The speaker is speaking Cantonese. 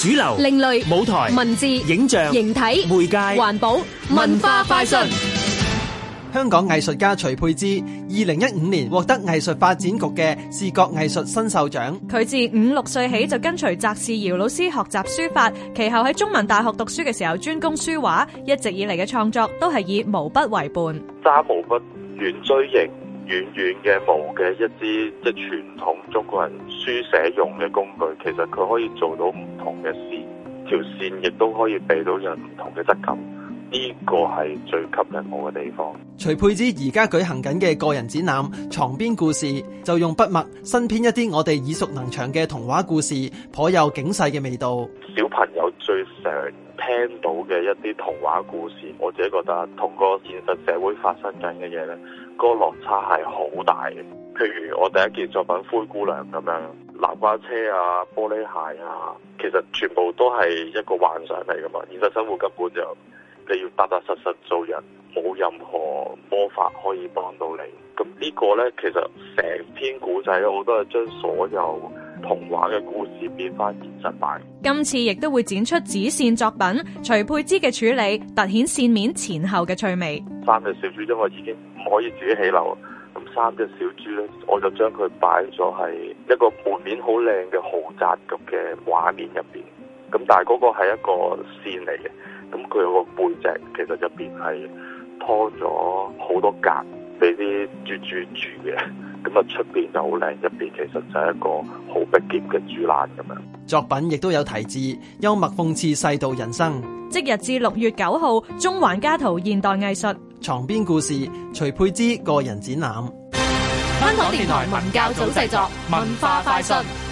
主流、另類、舞台、文字、影像、形體、媒介、環保、文化快訊。香港藝術家徐沛之，二零一五年獲得藝術發展局嘅視覺藝術新秀獎。佢自五六歲起就跟隨翟士堯老師學習書法，其後喺中文大學讀書嘅時候專攻書畫，一直以嚟嘅創作都係以毛筆為伴。揸毛筆圓錐形。軟軟嘅毛嘅一支，即係傳統中國人書寫用嘅工具。其實佢可以做到唔同嘅線，條線亦都可以俾到人唔同嘅質感。呢個係最吸引我嘅地方。徐佩芝而家舉行緊嘅個人展覽《床邊故事》，就用筆墨新編一啲我哋耳熟能詳嘅童話故事，頗有警世嘅味道。小朋友。最常聽到嘅一啲童話故事，我自己覺得同個現實社會發生緊嘅嘢呢個落差係好大嘅。譬如我第一件作品《灰姑娘》咁樣，南瓜車啊、玻璃鞋啊，其實全部都係一個幻想嚟噶嘛。現實生活根本就你要踏踏實實做人，冇任何魔法可以幫到你。咁呢個呢，其實成篇古仔我都係將所有。童話嘅故事變翻現實版，今次亦都會展出紙扇作品，徐佩芝嘅處理凸顯扇面前後嘅趣味。三隻小豬因為已經唔可以自己起樓，咁三隻小豬咧，我就將佢擺咗喺一個門面好靚嘅豪宅咁嘅畫面入邊。咁但係嗰個係一個扇嚟嘅，咁佢有個背脊，其實入邊係拖咗好多格俾啲豬豬住嘅。咁啊，出邊就好靚，入邊其實就係一個好逼劫嘅主欄咁樣。作品亦都有題字，幽默諷刺世道人生。即日至六月九號，中環嘉圖現代藝術床邊故事，徐沛之個人展覽。香港電台文教組製作，文化快訊。